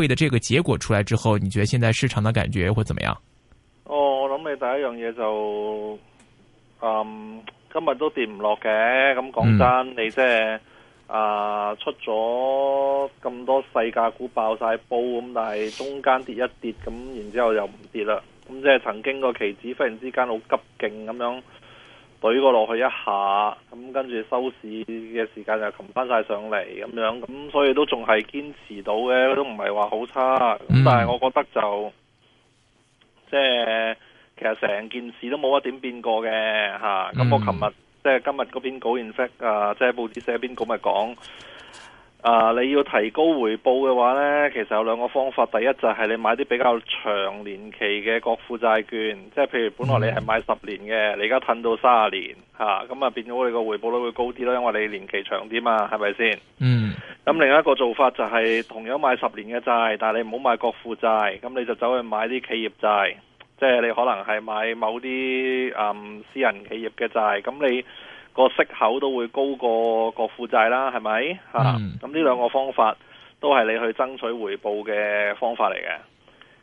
會的這個結果出來之後，你覺得現在市場的感覺會怎麼樣？哦，我諗你第一樣嘢就，嗯、今日都跌唔落嘅。咁講真，嗯、你即係啊出咗咁多細價股爆晒煲咁，但係中間跌一跌，咁然之後又唔跌啦。咁即係曾經個期指忽然之間好急勁咁樣。懟過落去一下，咁跟住，收市嘅時間就擒翻晒上嚟，咁樣，咁所以都仲係堅持到嘅，都唔係話好差。咁、嗯、但係我覺得就即係其實成件事都冇乜點變過嘅吓。咁我琴日即係今日嗰篇稿 inspect 啊，嗯、即係報紙寫篇稿咪講。啊！你要提高回報嘅話呢，其實有兩個方法。第一就係你買啲比較長年期嘅國庫債券，即係譬如本來你係買十年嘅，你而家褪到三十年嚇，咁啊那變咗你個回報率會高啲啦，因為你年期長啲嘛，係咪先？嗯。咁另一個做法就係、是、同樣買十年嘅債，但係你唔好買國庫債，咁你就走去買啲企業債，即係你可能係買某啲、嗯、私人企業嘅債，咁你。個息口都會高過國庫債啦，係咪？吓，咁呢兩個方法都係你去爭取回報嘅方法嚟嘅。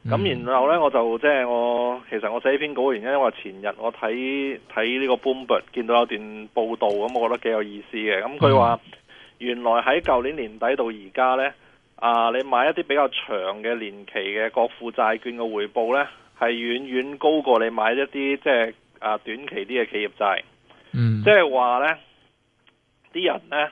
咁、嗯、然後呢，我就即係我其實我寫呢篇稿嘅原因，因為前日我睇睇呢個 Bloomberg 見到有段報道，咁我覺得幾有意思嘅。咁佢話原來喺舊年年底到而家呢，啊你買一啲比較長嘅年期嘅國庫債券嘅回報呢，係遠遠高過你買一啲即係短期啲嘅企業債。即係話呢啲人呢，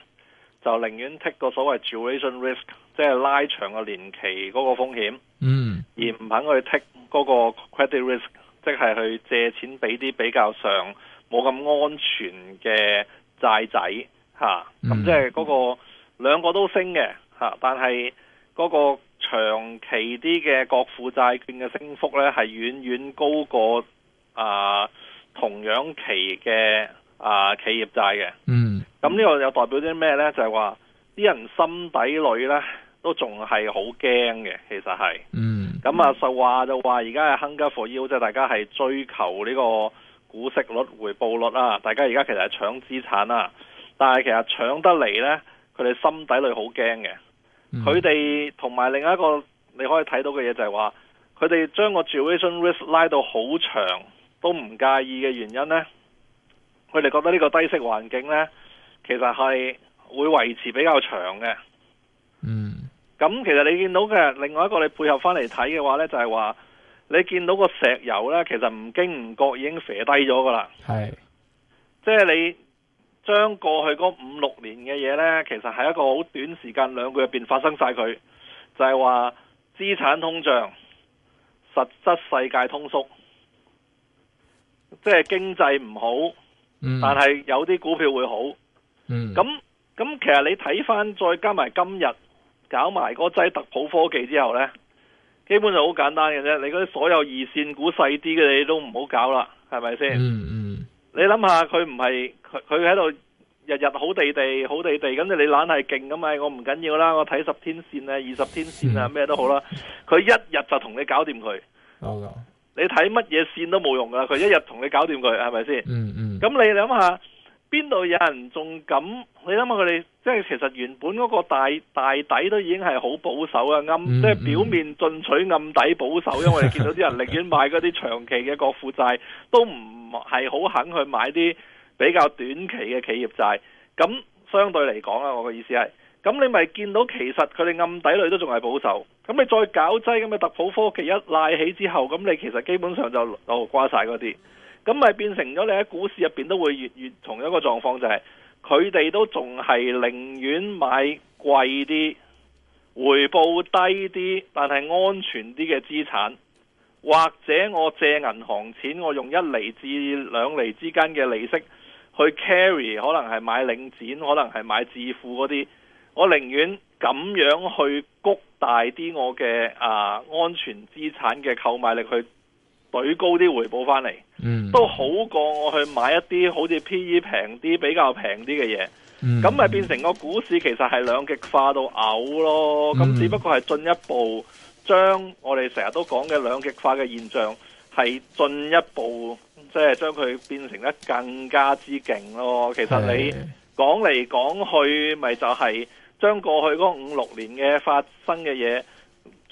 就寧願 take 個所謂 duration risk，即係拉長個年期嗰個風險，嗯，而唔肯去 take 嗰個 credit risk，即係去借錢俾啲比較上冇咁安全嘅債仔，吓、啊，咁即係嗰個兩、嗯、個都升嘅，吓、啊，但係嗰個長期啲嘅國庫債券嘅升幅呢，係遠遠高過啊同樣期嘅。啊，企業債嘅，嗯，咁呢個又代表啲咩呢？就係話啲人心底裏呢都仲係好驚嘅，其實係，嗯，咁啊，you, 就話就話而家係 hunger for yield，即係大家係追求呢個股息率回報率啦、啊、大家而家其實係搶資產啦、啊、但係其實搶得嚟呢，佢哋心底裏好驚嘅，佢哋同埋另一個你可以睇到嘅嘢就係話，佢哋將個 duration risk 拉到好長都唔介意嘅原因呢。佢哋覺得呢個低息環境呢，其實係會維持比較長嘅。嗯，咁其實你見到嘅另外一個你配合返嚟睇嘅話呢，就係話你見到個石油呢，其實唔經唔覺已經跌低咗噶啦。係，即係你將過去嗰五六年嘅嘢呢，其實係一個好短時間兩個月入邊發生晒。佢，就係話資產通脹、實質世界通縮，即係經濟唔好。嗯、但係有啲股票會好，咁、嗯、咁其實你睇返再加埋今日搞埋個隻特普科技之後呢，基本上好簡單嘅啫。你嗰啲所有二線股細啲嘅你都唔好搞啦，係咪先？嗯嗯。你諗下佢唔係佢佢喺度日日好地地好地地，咁你懶懶係勁咁嘛，我唔緊要啦，我睇十天線啊，二十天線啊，咩、嗯、都好啦。佢一日就同你搞掂佢。嗯嗯。你睇乜嘢線都冇用噶啦，佢一日同你搞掂佢，係咪先？嗯嗯。咁你諗下，邊度有人仲敢？你諗下佢哋，即係其實原本嗰個大大底都已經係好保守啊，暗即係、嗯即係、表面進取，暗底保守。嗯、因為你見到啲人寧願買嗰啲長期嘅國庫債，都唔係好肯去買啲比較短期嘅企業債。咁相對嚟講啦，我嘅意思係，咁你咪見到其實佢哋暗底裏都仲係保守。咁你再搞劑咁嘅特普科技一拉起之後，咁你其實基本上就、哦呃呃、就瓜晒嗰啲，咁咪變成咗你喺股市入面都會越越，越同一個狀況就係佢哋都仲係寧願買貴啲、回報低啲，但係安全啲嘅資產，或者我借銀行錢，我用一厘至兩厘之間嘅利息去 carry，可能係買領展，可能係買置富嗰啲，我寧願咁樣去谷。大啲我嘅啊安全資產嘅購買力去懟高啲回報翻嚟、嗯，都好過我去買一啲好似 PE 平啲、比較平啲嘅嘢，咁、嗯、咪變成個股市其實係兩極化到嘔咯。咁、嗯、只不過係進一步將我哋成日都講嘅兩極化嘅現象係進一步即係將佢變成得更加之勁咯。其實你講嚟講去，咪就係、是。將過去嗰五六年嘅發生嘅嘢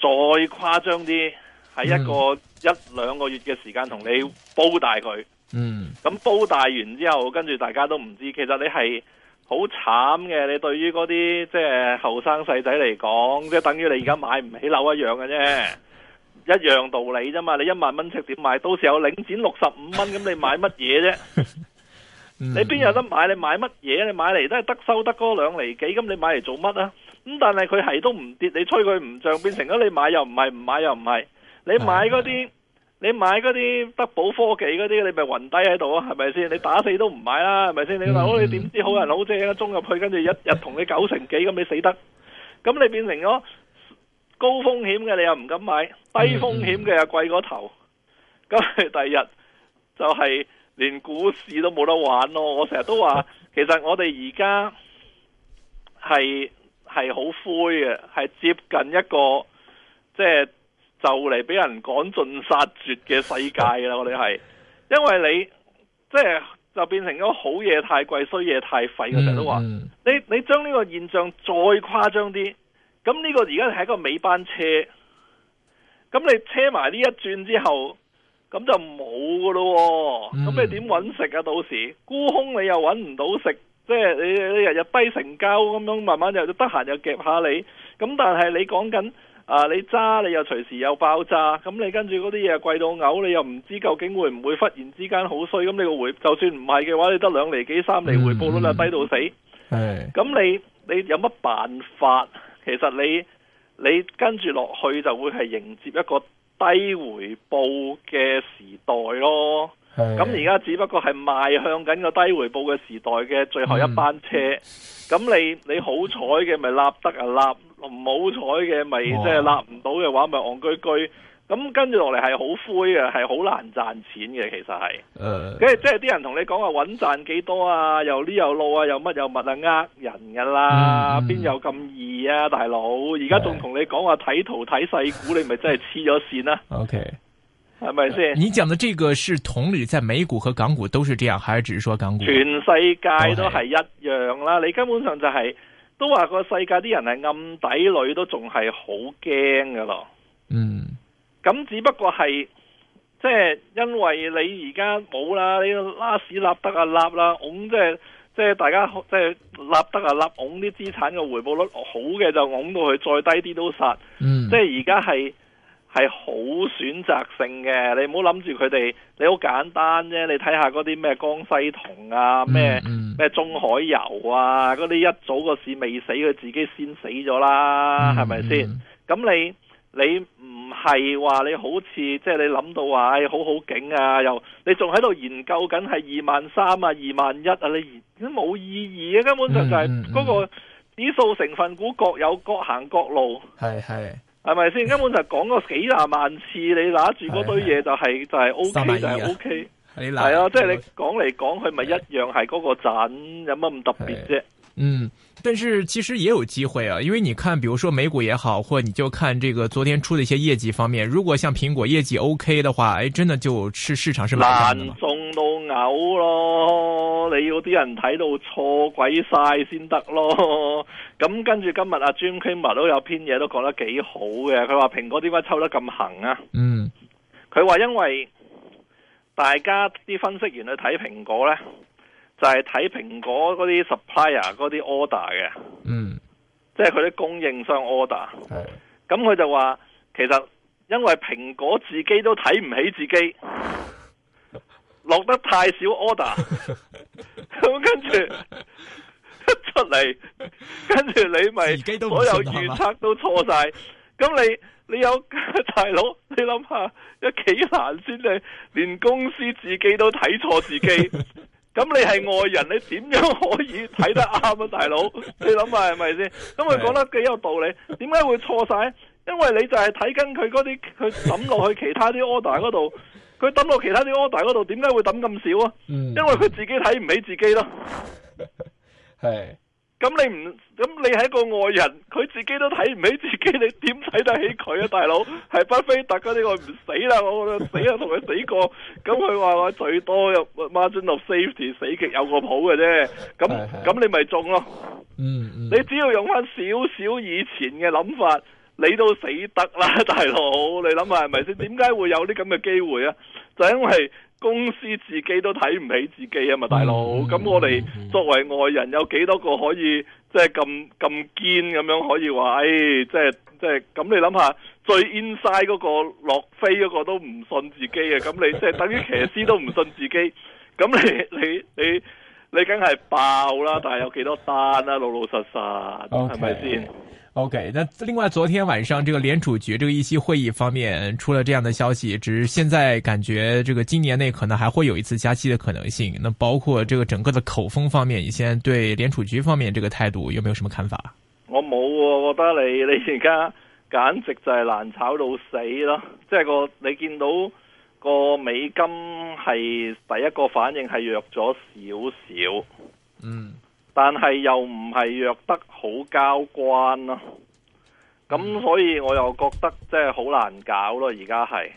再誇張啲，係一個、嗯、一兩個月嘅時間同你煲大佢。嗯，咁煲大完之後，跟住大家都唔知。其實你係好慘嘅，你對於嗰啲即係後生細仔嚟講，即係等於你而家買唔起樓一樣嘅啫、嗯，一樣道理啫嘛。你一萬蚊尺點買？到時候領展六十五蚊，咁你買乜嘢啫？ 你邊有得買？你買乜嘢？你買嚟都係得收得嗰兩厘幾？咁你買嚟做乜啊？咁但係佢係都唔跌，你吹佢唔漲，變成咗你買又唔係，唔買又唔係。你買嗰啲，你買嗰啲德寶科技嗰啲，你咪暈低喺度啊？係咪先？你打死都唔買啦，係咪先？你話好，你點知好人好姐，一中入去跟住日日同你九成幾，咁你死得？咁你變成咗高風險嘅，你又唔敢買；低風險嘅又貴過頭。咁第二日就係、是。連股市都冇得玩咯！我成日都話，其實我哋而家係係好灰嘅，係接近一個即係就嚟俾人趕盡殺絕嘅世界啦！我哋係，因為你即係就變成咗好嘢太貴，衰嘢太廢。我成日都話，你你將呢個現象再誇張啲，咁呢個而家係一個尾班車，咁你車埋呢一轉之後。咁就冇噶咯，咁、嗯、你點搵食啊？到時沽空你又搵唔到食，即係你你日日低成交咁樣，慢慢又得閒又夾下你。咁但係你講緊啊，你揸你又隨時又爆炸，咁你跟住嗰啲嘢貴到嘔，你又唔知究竟會唔會忽然之間好衰。咁你個回就算唔係嘅話，你得兩厘幾三厘回報率低到死。咁、嗯、你你有乜辦法？其實你你跟住落去就會係迎接一個低回報嘅時代咯，咁而家只不過係邁向緊個低回報嘅時代嘅最後一班車。咁、嗯、你你好彩嘅咪立得啊立，唔好彩嘅咪即係立唔到嘅話，咪戇居居。咁、嗯、跟住落嚟係好灰嘅，係好難賺錢嘅。其實係，呃、跟住即係啲人同你講話穩賺幾多啊，又呢又路啊，又乜又乜啊，呃人噶啦，邊、嗯、有咁易啊，大佬！而家仲同你講話睇圖睇細股， 你咪真係黐咗線啦。OK，係咪先？你講嘅這個是同理，在美股和港股都是這樣，還是只說港股？全世界都係一樣啦，你根本上就係、是、都話個世界啲人係暗底裏都仲係好驚噶咯。嗯。咁只不過係，即係因為你而家冇啦，你拉屎立得啊拉啦，拱即係即係大家即係立得啊拉拱啲資產嘅回報率好嘅，就拱到佢再低啲都實。即係而家係係好選擇性嘅，你唔好諗住佢哋。你好簡單啫，你睇下嗰啲咩江西銅啊，咩咩、嗯嗯、中海油啊，嗰啲一早個市未死，佢自己先死咗啦，係咪先？咁、嗯嗯、你你唔？係話你好似即係你諗到話，哎，好好景啊！又你仲喺度研究緊係二萬三啊、二萬一啊，你都冇意義啊。根本就就係嗰個指數成分股各有各行各路，係係係咪先？根本就講個幾廿萬次，你拿住嗰堆嘢就係就係 OK 就係 OK，係啊，即係你講嚟講去咪一樣係嗰個陣，有乜咁特別啫？嗯。嗯就是就是 OK, 但是其實也有機會啊，因為你看，比如說美股也好，或者你就看這個昨天出的一些業績方面，如果像蘋果業績 OK 的話，誒、哎，真的就市市場是的難中到嘔咯，你要啲人睇到錯鬼晒先得咯。咁 跟住今日阿、啊、Jim Cramer 都有篇嘢都講得幾好嘅，佢話蘋果點解抽得咁行啊？嗯，佢話因為大家啲分析員去睇蘋果呢。就係睇蘋果嗰啲 supplier 嗰啲 order 嘅，嗯，即係佢啲供應商 order，咁佢就話，其實因為蘋果自己都睇唔起自己，落得太少 order，咁 跟住着 出嚟，跟住你咪所有預測都錯晒，咁 你你有大佬，你諗下，有幾難先？你連公司自己都睇錯自己。 咁你係外人，你點樣可以睇得啱啊？ 大佬？你諗下係咪先？咁佢講得幾有道理。點 解會錯晒？因為你就係睇跟緊佢嗰啲佢抌落去其他啲 order 嗰度，佢抌落其他啲 order 嗰度，點解會抌咁少啊？嗯、因為佢自己睇唔起自己咯，係。咁你唔，咁你係個外人，佢自己都睇唔起自己，你點睇得起佢啊？大佬係巴菲特嗰啲我唔死啦，我死啊同佢死過，咁佢話我最多有 Margin of Safety 死極有個譜嘅啫，咁咁你咪中咯。嗯嗯，你只要用翻少少以前嘅諗法，你都死得啦，大佬，你諗下係咪先？點解會有啲咁嘅機會啊？就因為。公司自己都睇唔起自己啊嘛，大佬。咁、嗯、我哋作為外人，有幾多個可以即係咁咁堅咁樣可以話？誒、哎，即係即係咁你諗下，最 inside 嗰，那個落飛嗰個都唔信自己啊，咁你即係等於騎師都唔信自己。咁 你你你你梗係爆啦！但係有幾多單啦，啊？老老實實係咪先？Okay. O.K.，那另外，昨天晚上這個聯儲局這個議息會議方面出了這樣的消息，只是現在感覺這個今年內可能還會有一次加息的可能性。那包括這個整個的口風方面，你現在對聯儲局方面這個態度有沒有什麼看法？我冇喎，啊，我覺得你你而家簡直就係難炒到死咯，即係個你見到個美金係第一個反應係弱咗少少，嗯。但係又唔係弱得好交關咯、啊，咁所以我又覺得即係好難搞咯、啊，而家係，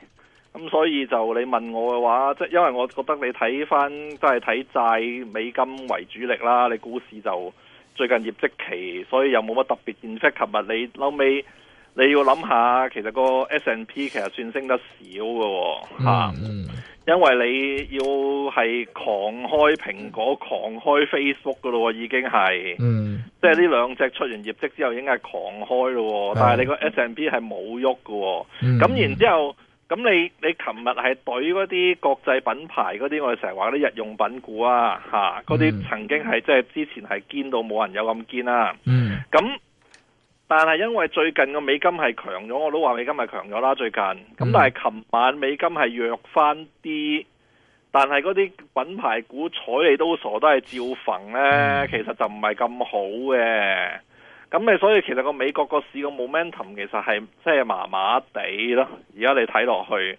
咁所以就你問我嘅話，即係因為我覺得你睇翻都係睇債美金為主力啦，你股市就最近業績期，所以又冇乜特別 impact。琴日你後尾你要諗下，其實個 S&P 其實算升得少嘅、啊，吓、嗯。嗯因為你要係狂開蘋果、狂開 Facebook 噶咯，已經係，嗯，即係呢兩隻出完業績之後已經係狂開咯、嗯，但係你個 S&P 係冇喐噶，咁、嗯、然之後，咁你你琴日係對嗰啲國際品牌嗰啲，我哋成日話啲日用品股啊，吓、啊，嗰啲曾經係即係之前係堅到冇人有咁堅啦，嗯，咁。但係因為最近個美金係強咗，我都話美金係強咗啦。最近咁，但係琴晚美金係弱翻啲，但係嗰啲品牌股睬你都傻都係照焚呢。其實就唔係咁好嘅。咁咪所以其實個美國個市個 momentum 其實係即係麻麻地咯。而家你睇落去，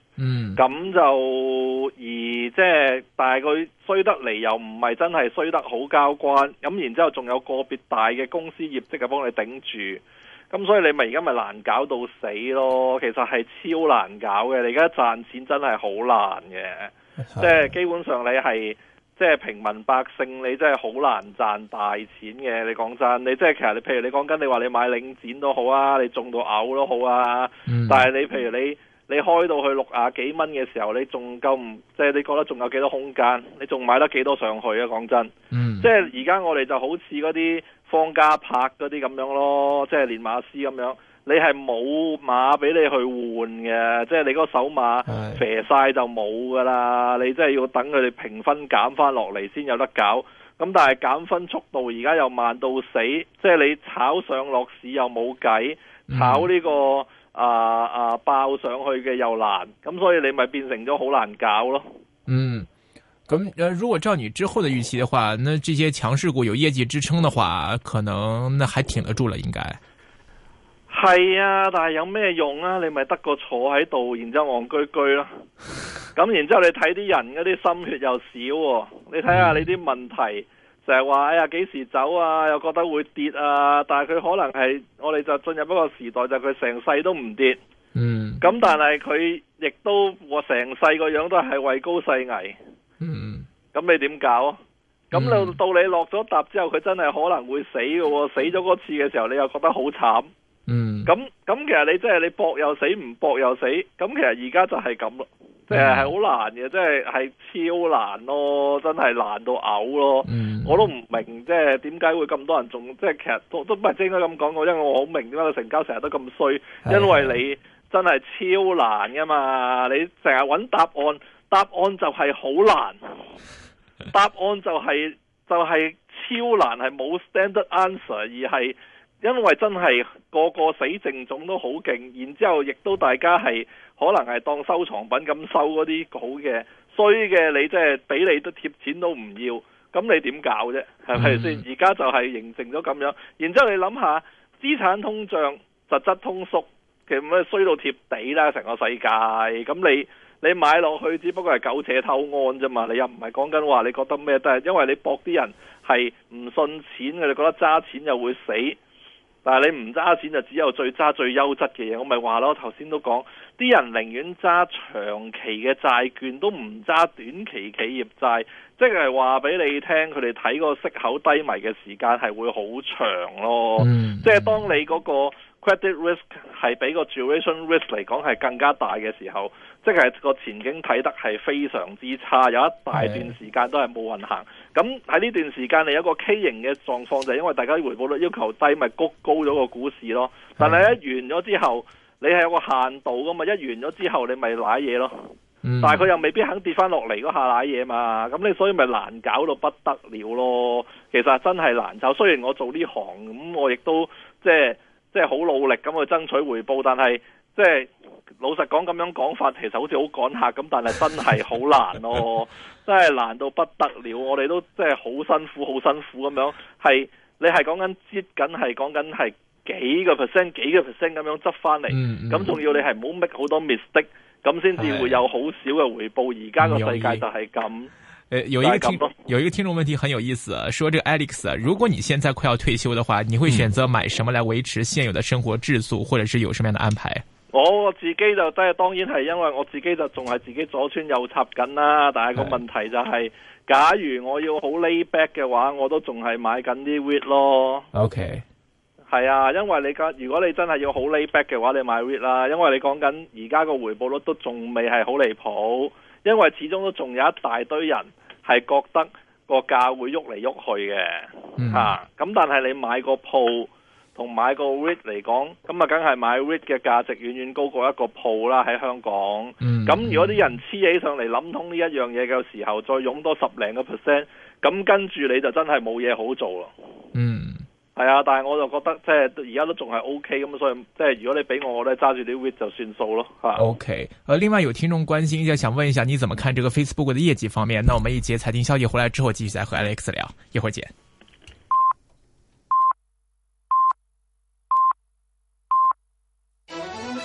咁就而即係，但係佢衰得嚟又唔係真係衰得好交關。咁然之後仲有個別大嘅公司業績係幫你頂住。咁所以你咪而家咪難搞到死咯，其實係超難搞嘅。你而家賺錢真係好難嘅，okay. 即係基本上你係即係平民百姓你，你真係好難賺大錢嘅。你講真，你即係其實你，譬如你講緊你話你，你買領展都好啊，你中到牛都好啊。Mm. 但係你譬如你你開到去六廿幾蚊嘅時候，你仲夠唔即係你覺得仲有幾多空間，你仲買得幾多上去啊？講真，mm. 即係而家我哋就好似嗰啲。方家拍嗰啲咁樣咯，即係練馬師咁樣，你係冇馬俾你去換嘅，即係你嗰手馬肥晒就冇噶啦，你真係要等佢哋評分減翻落嚟先有得搞。咁但係減分速度而家又慢到死，即係你炒上落市又冇計，炒呢個啊啊爆上去嘅又難，咁所以你咪變成咗好難搞咯。嗯。嗯咁，如果照你之後嘅預期嘅話，那這些強勢股有業績支撐的話，可能那還挺得住了，應該係啊。但係有咩用啊？你咪得個坐喺度，然之後戇居居咯。咁， 然之後你睇啲人嗰啲心血又少喎，你睇下你啲問題，成日話哎呀幾時走啊？又覺得會跌啊？但係佢可能係我哋就進入一個時代，就佢、係，成世都唔跌。嗯。咁但係佢亦都我成世個樣都係位高勢危。嗯，咁你點搞啊？咁、嗯、到你落咗答之後，佢真係可能會死嘅、哦，死咗嗰次嘅時候，你又覺得好慘。嗯，咁咁其實你即係、就是、你搏又死，唔搏又死。咁其實而家就係咁咯，即係係好難嘅，即係係超難咯，真係難到嘔咯。嗯、我都唔明，即係點解會咁多人仲即係其實都都唔係應該咁講，我因為我好明點解個成交成日都咁衰、嗯，因為你真係超難噶嘛，你成日揾答案。答案就係好難，答案就係、是、就係、是、超難，係冇 standard answer，而係因為真係個個死淨種都好勁，然之後亦都大家係可能係當收藏品咁收嗰啲好嘅衰嘅，你即係俾你都貼錢都唔要，咁你點搞啫？係咪先？而、嗯、家、嗯、就係形成咗咁樣，然之後你諗下資產通脹、實質通縮，其實咪衰到貼地啦，成個世界咁你。你買落去只不過係苟且偷安啫嘛，你又唔係講緊話你覺得咩？但係因為你搏啲人係唔信錢嘅，你覺得揸錢就會死，但係你唔揸錢就只有最揸最優質嘅嘢。我咪話咯，頭先都講啲人寧願揸長期嘅債券都唔揸短期企業債，即係話俾你聽，佢哋睇個息口低迷嘅時間係會好長咯，即係，mm-hmm，當你嗰個。Credit risk 係比個 duration risk 嚟講係更加大嘅時候，即係個前景睇得係非常之差，有一大段時間都係冇運行。咁喺呢段時間，你有個 K 型嘅狀況，就係、是、因為大家回報率要求低，咪谷高咗個股市咯。但係一完咗之後，你係有個限度噶嘛？一完咗之後你，你咪瀨嘢咯。但係佢又未必肯跌翻落嚟嗰下瀨嘢嘛。咁你所以咪難搞到不得了咯。其實真係難搞。雖然我做呢行，咁我亦都即係。即係好努力咁去爭取回報，但係即係老實講咁樣講法，其實好似好趕客咁，但係真係好難咯，哦， 真係難到不得了。我哋都即係好辛苦，好辛苦咁樣，係你係講緊接緊係講緊係幾個 percent，幾個 percent 咁樣執翻嚟，咁、嗯、仲、嗯、要你係唔好 make 好多 mistake，咁先至會有好少嘅回報。而家個世界就係咁。誒、呃，有一個聽、就是、有一個聽眾問題很有意思，說：這個 Alex，如果你現在快要退休的話，你會選擇買什麼來維持現有的生活質素、嗯，或者是有什麼樣的安排？我，我自己就真當然係，因為我自己就仲係自己左穿右插緊啦。但係個問題就係、是，假如我要好 lay back 嘅話，我都仲係買緊啲 REIT 咯。O K，係啊，因為你今如果你真係要好 lay back 嘅話，你買 REIT 啦，因為你講緊而家個回報率都仲未係好離譜。因為始終都仲有一大堆人係覺得個價會喐嚟喐去嘅，吓、嗯、咁、啊、但係你買個鋪同買個 REIT 嚟講，咁啊梗係買 REIT 嘅價值遠遠高過一個鋪啦喺香港。咁、嗯、如果啲人黐起上嚟諗通呢一樣嘢嘅時候，再湧多十零個 percent，咁跟住你就真係冇嘢好做咯。係啊， 但係我就覺得即係而家都仲係 O K 咁，所以即係如果你俾我，我揸住啲 wit 就算數咯吓。O K，呃。Okay. 另外有聽眾關心一下，想問一下你怎麼看這個 Facebook 嘅業績方面？那我們一節財經消息回來之後，繼續再和 Alex 聊。一會兒見。